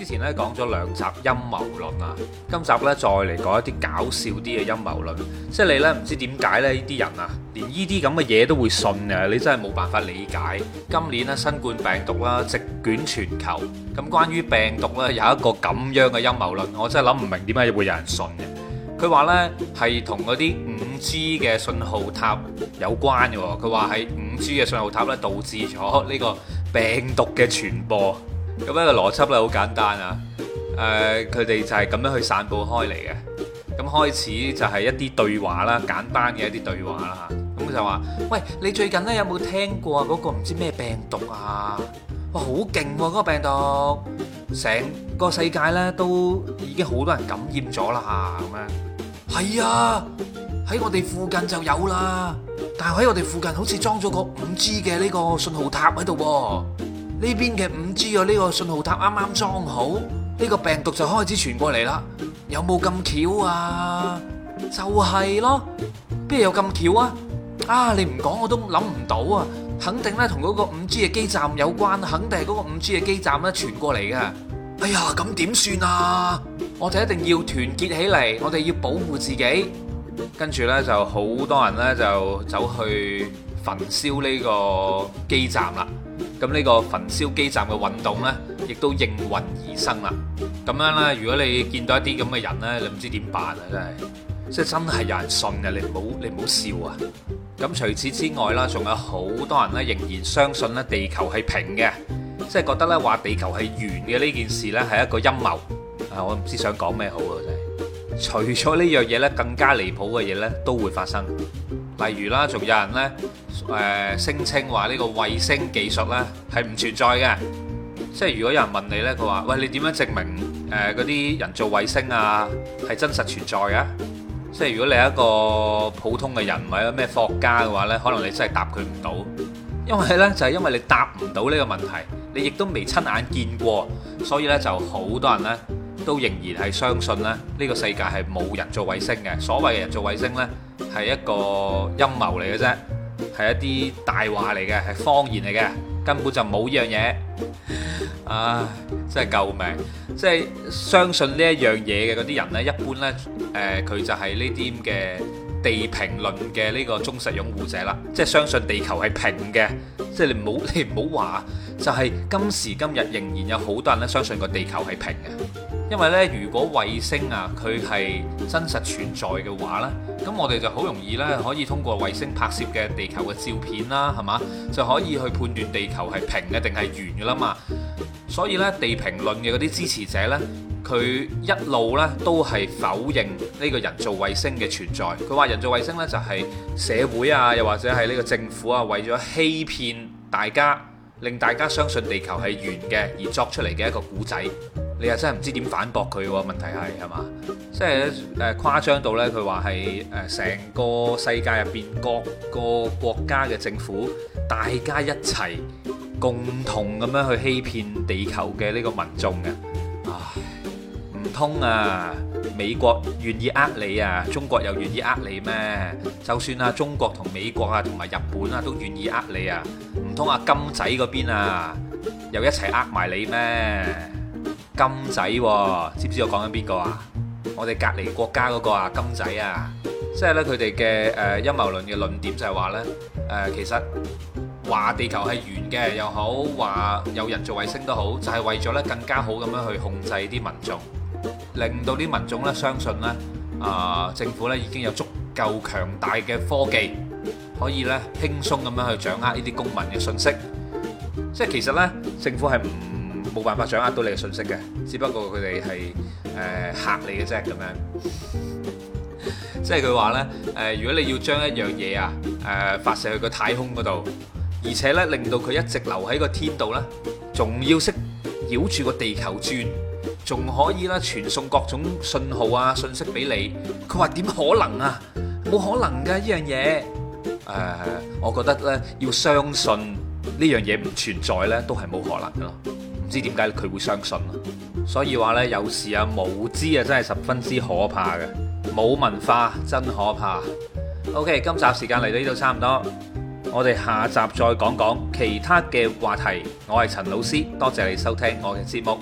之前咧講咗兩集陰謀論啊，今集咧再嚟講一啲搞笑啲嘅陰謀論，即係你咧唔知點解咧呢啲人啊，連呢啲咁嘅嘢都會信啊，你真係冇辦法理解。今年咧新冠病毒啦，席捲全球。咁關於病毒咧有一個咁樣嘅陰謀論，我真係諗唔明點解會有人信嘅。佢話呢係同嗰啲五 G 嘅信號塔有關嘅，佢話係五 G 嘅信號塔咧導致咗呢個病毒嘅傳播。咁呢個邏輯咧，好簡單啊！誒，佢哋就係咁樣去散布開嚟嘅。咁開始就係一啲對話啦，簡單嘅一啲對話啦。咁就話：喂，你最近呢有冇聽過啊？嗰個唔知咩病毒啊？哇，好勁！嗰個病毒，成個世界呢都已經好多人感染咗啦。咁樣，係啊，喺我哋附近就有啦。但係喺我哋附近好似裝咗個五 G 嘅呢個信號塔喺度。呢邊嘅五 G 啊，呢個信號塔啱啱裝好，呢、呢個病毒就開始傳過嚟啦。有冇咁巧啊？就係、係、咯，邊有咁巧啊？啊，你唔講我都諗唔到啊！肯定呢，同嗰個五 G 嘅基站有關，肯定係嗰個五 G 嘅基站咧傳過嚟噶。哎呀，咁點算啊？我哋一定要團結起嚟，我哋要保護自己。跟住呢，就好多人呢，就走去。焚燒呢個基站啦，咁呢個焚燒基站嘅運動呢，亦都應運而生啦。咁樣呢，如果你見到一啲咁嘅人呢，你唔知點辦啊，真係，即係真係有人信嘅，你唔好你唔好笑啊。咁除此之外啦，仲有好多人呢，仍然相信呢，地球係平嘅，即係覺得呢，話地球係圓嘅呢件事呢係一個陰謀。啊，我唔知想講咩好啊，真係。除咗呢樣嘢呢，更加離譜嘅嘢呢都會發生，例如啦，仲有人呢。誒，聲稱話呢個衛星技術咧係唔存在嘅。即係如果有人問你咧，佢話喂，你點樣證明誒嗰啲人造衛星啊係真實存在㗎？即係如果你係一個普通嘅人，或者一個咩科學家嘅話咧，可能你真係答佢唔到，因為咧就係因為你答唔到呢個問題，你亦都未親眼見過，所以咧就好多人咧都仍然係相信咧呢個世界係冇人造衛星嘅，所謂嘅人造衛星咧係一個陰謀嚟嘅啫。係一啲大話嚟嘅，係謊言嚟嘅，根本就冇呢樣嘢。唉，真係救命！即係相信呢一樣嘢嘅嗰啲人呢，一般呢，誒、呃、佢就係呢啲嘅地平論嘅呢個忠實擁護者啦。即係相信地球係平嘅，即係你唔好你唔好話，就係、是、今時今日仍然有好多人呢相信個地球係平嘅。因為咧，如果衛星啊，佢係真實存在嘅話咧，咁我哋就好容易咧，可以通過衛星拍攝嘅地球嘅照片啦，係嘛，就可以去判斷地球係平嘅定係圓嘅啦嘛。所以咧，地平論嘅嗰啲支持者咧，佢一路咧都係否認呢個人造衛星嘅存在。佢話人造衛星咧就係社會啊，又或者係呢個政府啊，為咗欺騙大家。令大家相信地球係圓嘅而作出嚟嘅一個古仔，你又真係唔知點反駁佢喎。問題係係嘛？即係誒、呃、誇張到呢，佢話係誒成個世界入邊各個國家嘅政府，大家一齊共同咁樣去欺騙地球嘅呢個民眾嘅、啊，唉，唔通啊！美國願意呃你啊？中國又願意呃你咩？就算啊，中國同美國啊，同埋日本啊，都願意呃你啊？唔通阿金仔嗰邊啊，又一齊呃埋你咩？金仔喎、啊，知唔知我講緊邊個啊？我哋隔離國家嗰個啊，金仔啊，即係呢，佢哋嘅誒陰謀論嘅論點就係話呢，誒、呃、其實話地球係圓嘅又好，話有人造衛星都好，就係、是、為咗呢更加好咁樣去控制啲民眾。令到啲民眾咧相信咧，啊政府咧已經有足夠強大嘅科技，可以咧輕鬆咁樣去掌握呢啲公民嘅信息。即係其實咧，政府係唔冇辦法掌握到你嘅信息嘅，只不過佢哋係誒嚇你嘅啫咁樣。即係佢話咧，誒如果你要將一樣嘢啊，誒發射去個太空嗰度，而且咧令到佢一直留喺個天度啦，仲要識繞住個地球轉，仲可以啦，傳送各種信號啊，信息俾你。佢話點可能啊？冇可能嘅呢樣嘢。誒、呃，我覺得呢要相信呢樣嘢唔存在呢都係冇可能嘅咯。唔知點解佢會相信啊？所以話呢，有時啊，無知啊，真係十分之可怕嘅。冇文化真可怕。OK，今集時間嚟到呢度差唔多，我哋下集再講講其他嘅話題。我係陳老師，多謝你收聽我嘅節目。